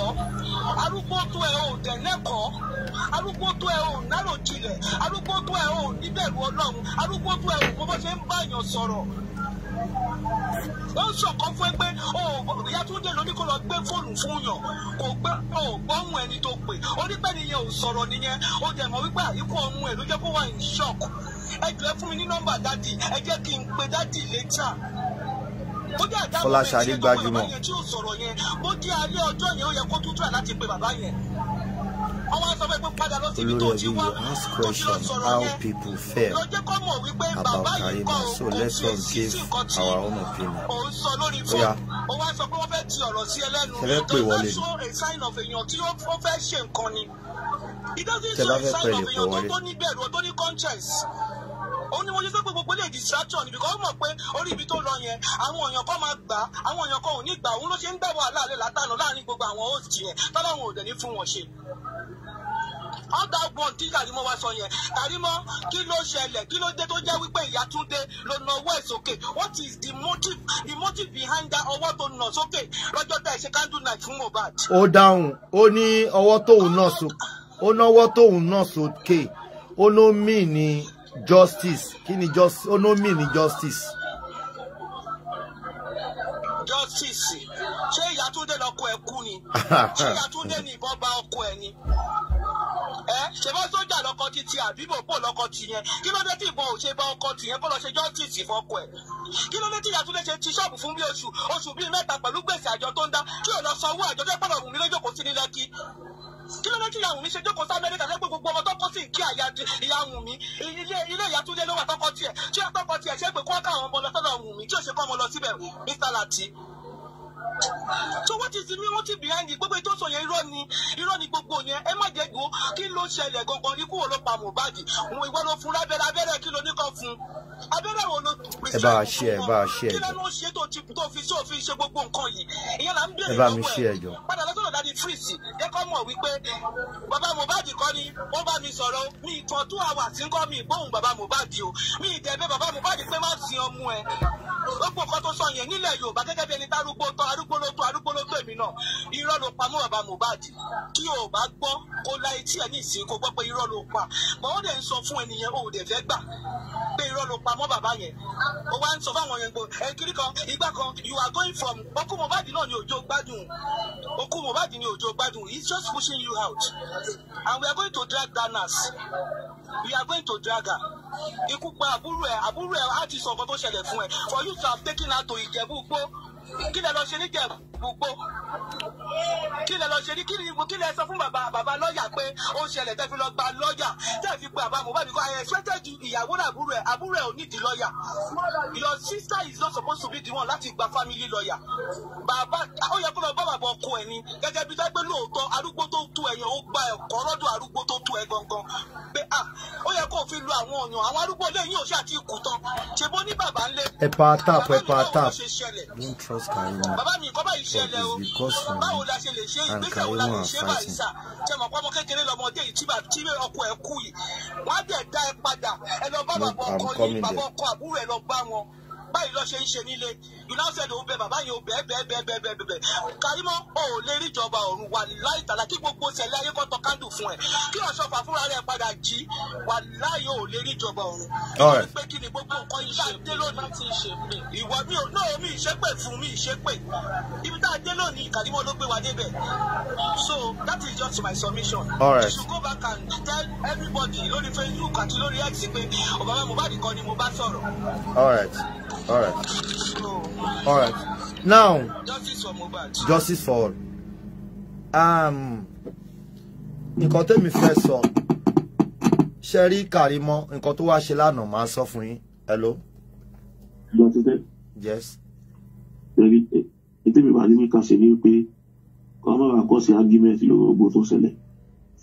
arúgbó tó ẹ ò dẹ̀ lẹ́kọ̀ọ́ arúgbó tó ẹ ò náròjinlẹ̀ arúgbó tó ẹ ò níbẹ̀rù Ọlọ́run arúgbó tó ẹ ò mọ bó ṣe ń báyàn sọ̀rọ̀ ó ń sọ̀kan fún ẹ pé ìyá tó dé lóní kó lọ gbé fóònù fún yàn kò gbé ọ̀gbọ́n ẹni tó pè ó ní pẹ́ nìyẹn ò sọ̀rọ̀ nìyẹn ó dẹ̀ mọ̀ wípé àyíkú ọmọ ẹ̀ ló jẹ́ kó wà ní ṣọ́ọ̀kù ẹ jọ fún mi ní nọ́mbà dádì ẹ jẹ́ kí n pe dádì létà Fọláṣadé Gbajúmọ̀. Olórí ask question how people feel about Karimo so let us give our own opinion. Oya tẹ́lẹ̀ pè wọlé ni tẹ́lẹ̀ fẹ́ pẹ̀lẹ́ pọ̀ wọlé òun ni mo ṣe pé gbogbo ilé distraction ni because mọ̀ pé orí ibi tó lọ yẹn àwọn èèyàn kan máa gbà àwọn èèyàn kan ò ní gbà òun ló ṣe ń gbà wàhálà rẹ̀ látànà láàrin gbogbo àwọn host yẹn tọ́láwọn ò dẹ̀ ní fún wọn ṣe ọ̀dà ọgbọ̀n tí Karimo wa sọ yẹn Karimo kí ló ṣẹlẹ̀ kí ló dé tó jẹ́ wípé ìyá Túndé ló na ọwọ́ ẹ̀ sókè what is the motive the motive behind that ọwọ́ tó nà sókè lọ́jọ́ tá ẹ̀ ṣe candle night fún Mohbad. ó dáhùn ó ní ọwọ́ tóun náà justice kí ni justice onomi ni justice. justice ṣé Ìyàtúndé lọkọ ẹ kú ni [laughs] ṣé Ìyàtúndé ni ìbọn bá ọkọ ẹ ni ẹ ṣe bá sójà lọkọ títí àbí bòbò lọkọ tìyẹn kí ló dé tí ìbọn ò ṣe bá ọkọ tìyẹn kó lọ ṣe justice fọkọ ẹ kí ló dé tí Ìyàtúndé ṣe ti ṣọ́ọ̀bù fún bí oṣù oṣù bíi mẹ́ta pẹ̀lú gbèsè àjọ tó ń dá kí ò lọ sanwó àjọ tó gbọ́dọ̀ wù mí lójókòó sí ní lọ́kì kí ló dé tí ìyàwó mi ṣe jókòó sí amẹ́ríkà lẹ́gbẹ̀ẹ́ gbogbo ọmọ tọ́kọ sí ìkí àyà ìyàwó mi ilé ilé ìyá ló wà tọ́kọ tiẹ̀ tí ó tọ́kọ tiẹ̀ ṣe pé kó káwọn ọmọ lọ sọ́dọ̀ wù mí tí ó ṣe kọ́ ọmọ lọ síbẹ̀ Mr. Lati. so what is the motive behind it gbogbo ètò ìsòyè irọ́ ni irọ́ ni gbogbo yẹn ẹ má jẹ́ gbó kí ló ṣẹlẹ̀ gangan ikú wo ló pa Mohbad ìwọ ló fún lábẹ́rẹ́ abẹ́rẹ́ kí ló ní kan fún un abẹ́rẹ́ wo ló ẹ bá a ṣe ẹ bá a ṣe ẹ jọ kí ló ń ṣe tó ti tó fi ṣé òfin ṣe gbogbo nǹkan yìí ìyẹn là ń bèrè lọ́wọ́ ẹ bá mi ṣe ẹ jọ padà lọ sọ́dọ̀ dadi fírìsì ẹ kọ́ mọ̀ wípé bàbá Mohbad kọ́ ni wọ́n bá mi sọ̀rọ̀ mi ìtàn tó àwà sí ń kọ́ mi ìgbóhùn bàbá Mohbad o mi ìdẹ̀bẹ̀ bàbá Mohbad pé má sin ọmú ẹ gbogbo nǹkan tó sọ yẹn nílẹ̀ Yorùbá gẹ́gẹ́ bí ẹni tá arúgbó tán arúgbó ló tó arúgbó ló tó èmi náà irọ́ ló pa mú bàbá Mohbad kí o bá gbọ́ kó la etí ẹ̀ ní ìsìn kó gbọ́ pé irọ́ ló pa mọ́ ó dẹ̀ ń sọ fún ẹnìyẹn o dẹ̀ fẹ́ gbà pé irọ́ ló pa mọ́ bàbá yẹn ó wá ń sọ fáwọn yẹn gbò ẹ kan ìgbà kan you are going from okú Mohbad náà ni òjò gbádùn okú Mohbad ni òjò gbádùn it's just pushing you out and we are going to drag down us you are going to drag her ikú pa àbúrò e àbúrò ẹ á ti sọ tó ṣẹlẹ̀ fún for you to have taken her to Ìjẹ̀bú kí lẹ lọ ṣe ní jẹ̀bùgbó kí lẹ lọ ṣe ní kí lẹ sọ fún bàbá bàbá lọ́ọ̀yà pé ó ṣẹlẹ̀ tẹ́ fi lọ gba lọ́ọ̀yà tẹ́ fi pe àbá Mohbad because I expected ìyàwó náà àbúrò ẹ̀ àbúrò ẹ̀ ò ní di lọ́ọ̀yà your sister is not supposed to be the one láti gba family lọ́ọ̀yà bàbá ó yẹ kó lọ bá bàbá ọkọ ẹ̀ ni gẹ́gẹ́ bí dágbé lóòótọ́ arúgbó tó tú ẹ̀yàn ó gba ẹ̀kọ́ lọ́dọ̀ arúgbó tó tú ẹ̀ gangan pé ah fi lu àwọn ọ̀yàn àwọn arúgbó lẹ́yìn òṣì àti ikú tán ṣe bó ní bàbá ńlẹ̀. ẹ pa tap ẹ pa tap mi nǹkan báyìí ṣẹlẹ̀ o báwo la ṣe lè ṣe ìgbésẹ̀ wo la lè ṣe báyìí báyìí lọ ṣe ń ṣe nílé united òun bẹ bàbá yẹn òun bẹ́ẹ̀ bẹ́ẹ̀ bẹ́ẹ̀ bẹ́ẹ̀ bẹ́ẹ̀ bẹ́ẹ̀ Karimo ò lè rí ìjọba ọ̀run wà láì tàlà kí gbogbo sẹ̀lẹ̀ ayé kọ́ kándù fún ẹ̀ kí ọ̀ṣọ́fà fúnra rẹ̀ padà jí wà láì ò lè rí ìjọba ọ̀run. pé kí ni gbogbo nǹkan iṣẹ́ dé lónìí ti ṣe pé ìwọ mi ò náà mi ìṣépè fún mi ìṣépè ibi tá a dé lónìí Karimo ló gbé wa débẹ̀ so that is just my submission. All go back and tell everybody lórí Facebook àti lórí X pé ọ̀bàbá Mohbad kan ni mo bá sọ̀rọ̀. All right all right all right now justice for Mohbad justice for all um nǹkan tẹ́mi fẹ́ sọ ṣe rí Kàrímọ́ nǹkan tó wá ṣe lánàá máa sọ fún yín hello. lọ́títẹ́. yes. ẹ̀rí ètò ìbá ní ká ṣe ni pé kọ́ máa bàa kọ́ sí argument lórí ogbó tó ṣẹlẹ̀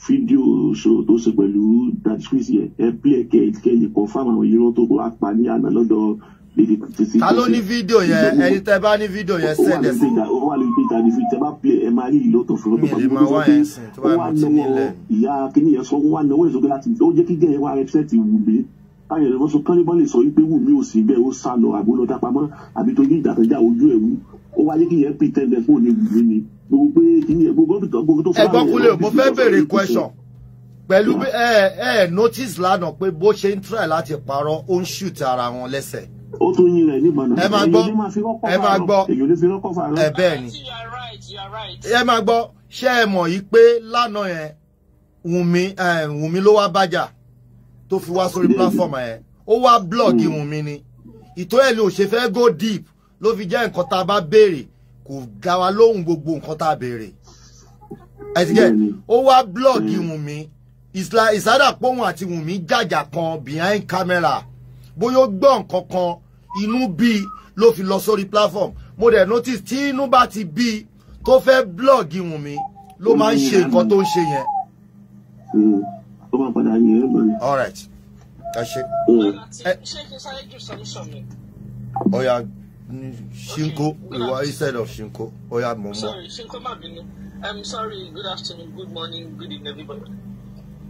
fídíò ṣò tó ṣe pẹ̀lú dad chris yẹn ẹ pílẹ̀ kẹ́ ẹ lè confirm àwọn irọ́ tó wà pa ní àná ta ló ní fídíò yẹn ẹni tẹ bá ní fídíò yẹn sẹ́ndẹ̀ sí. ó wà sọ ó lè sọ wípé wù mí ò sí bẹ́ẹ̀ ó sá lọ àbó lọ dápamọ́ àbí torí ìdàtẹ́jà ojú ẹ̀ wù ó wáyé kí yẹn pè tẹ́lẹ̀ fún òní wù ni gbogbo kí yẹn gbogbo tó fún àwọn ẹ̀rọ pẹ̀lú ẹ ẹ notice lánàá pé bó ṣe ń try láti parọ́ ó ń shoot ara wọn lẹ́sẹ̀ ó tó yin rẹ̀ nígbà náà. ẹ máa gbọ́ ẹ máa gbọ́ ẹ bẹ́ẹ̀ ni ẹ máa gbọ́ ṣé ẹ mọ̀ yìí pé lánàá yẹn Wùnmí Wùnmí ló wá bájà tó fi wá sórí platform yẹn ó wá blọ́ọ̀gì hmm. Wùnmí ni ìtò ẹ̀ ni ò ṣe fẹ́ go deep ló fi jẹ́ nǹkan tá a bá béèrè kò dá wa lóhùn gbogbo nǹkan tá a béèrè ẹ hmm. ó wá blọ́ọ̀gì hmm. Wùnmí ìsádà pòun àti Wùnmí jàjà kan behind camera bóyá ó gbọ́ nǹkan kan inú bíi ló fi lọ sórí platform mo dẹ̀ notice tí inú bá ti bíi tó fẹ́ blọ́ọ̀gì Wùnmí ló máa ń ṣe nǹkan tó ń ṣe yẹn. Hmm. ó máa padà yẹn ẹ bọ̀ all right ẹ ṣe. Hmm. ṣé kí n ìwà instead of Shinko ọ̀ya mọ̀ mọ́. i'm um, sorry good afternoon good morning good evening everybody.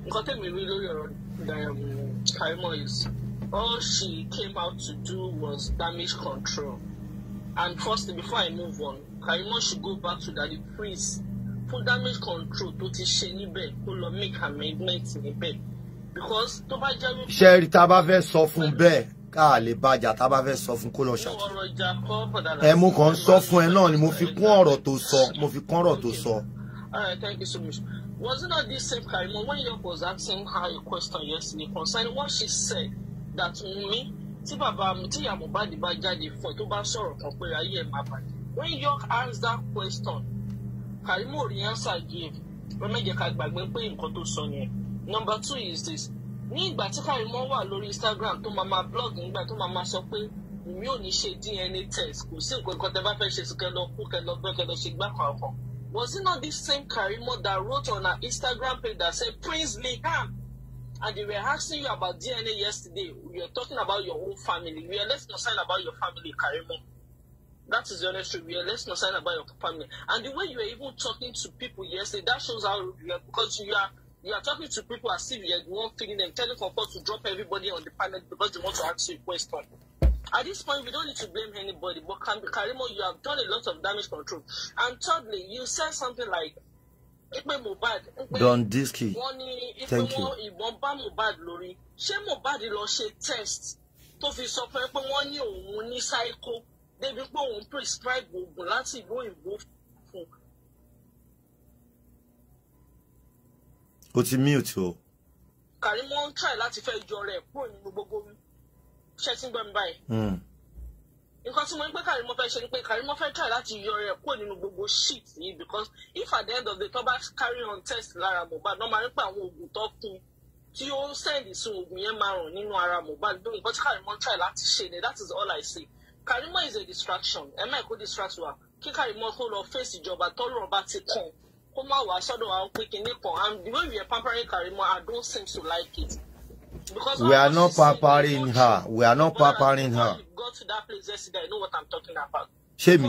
nǹkan tẹ̀mí rí lórí ọ̀rọ̀ um, Karimo is all she came out to do was damage control. And firstly, before I move on, Karimo should go back to Daddy priest for damage control tó ti ṣe níbẹ̀ kó lọ make amendment níbẹ̀ because tó bá jẹ́ wípé. ṣé rí tá a bá fẹ́ sọ fún bẹ́ẹ̀ ká lè bàjà tá a bá fẹ́ sọ fún kó lọ ṣàtúnṣe. ẹ mú kàn sọ fún ẹ náà ni mo fi kún ọ̀rọ̀ tó sọ mo fi kún ọ̀rọ̀ tó sọ. Alright, thank you so much. Wasn't that this same Karimo when Yoke was asking her a question yesterday concerning what she said? that Wunmi tí bàbá tí ìyá Mohbad bá jáde fún ẹ tó bá sọ̀rọ̀ kan pé ayé ẹ̀ máa bàjẹ́ when York asked that question Karimo Oriyansa gave wọ́n mẹ́jẹ̀ ká gbàgbé pé nǹkan tó sọ yẹn number two is this ní ìgbà tí Karimo wà lórí Instagram tó máa ma blog nígbà tó máa ma sọ pé Wunmi ò ní ṣe DNA test kò sí nǹkan kan tẹ bá fẹ́ ṣe sí kẹ lọ kú kẹ lọ bẹ́ ṣe gbá kan kan was it not the same Karimo that wrote on her Instagram page that said Prince Liam and they were asking you about DNA yesterday. We are talking about your own family. We are less concerned about your family, Karimo. That is the honest truth. We are less concerned about your family. And the way you were even talking to people yesterday, that shows how you are, because you are you are talking to people as if you are one thing them, telling Comfort to drop everybody on the planet because they want to ask you a question. At this point, we don't need to blame anybody, but Karimo, you have done a lot of damage control. And thirdly, you said something like, ipe Mohbad Don Disky Thank you. ipe wọn ìbọn bá Mohbad lórí ṣé Mohbad lọ ṣe test tó fi sọ fún ẹ pé wọ́n ní òun ní psycho débi pé òun prescribe oògùn láti ìlú òyìnbó fún. o ti mute o. Karimo ń try láti fẹ́ jọ rẹ̀ kúrò nínú gbogbo ṣẹ́tíngbẹ́mbáyé nǹkan tí mo ní pé Karimo fẹ́ ṣe ni pé Karimo fẹ́ try láti yọ ẹ kúrò nínú gbogbo shit yìí because if at the end of the tó bá carry on test lára Mohbad náà máa ń pè àwọn oògùn tó kún tí ó ń sẹ́ẹ̀dì sí oògùn yẹn máa ràn nínú ara Mohbad bí nǹkan tí Karimo try láti ṣe ni that is all I say Karimo is a distraction ẹ má kó distract wa kí Karimo kó lọ face ìjọba tọ́lọ́ bá ti kàn kó má wàá sọ́dọ̀ àwọn pé kinní kan and the way we are pampering Karimo I don't seem to like it. Because we are not pampering her. We are not pampering her. Go to that place yesterday. I know what I'm talking about. Ṣé mi.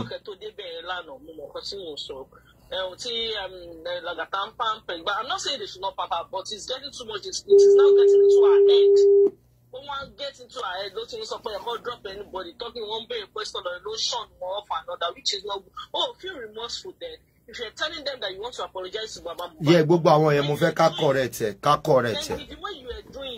Eh, oh, um, eh, but I'm not saying they should not pamper, but it's getting too much. It is now getting into our head. When one gets into our head, don't you up your heart, drop anybody talking one big question or no shun one off another, which is not. Oh, feel remorseful then. If you're telling them that you want to apologize to Baba Mohbad. Yeah, gbogbo àwọn yẹn mo fẹ́ ká correct ẹ̀ ká correct ẹ̀.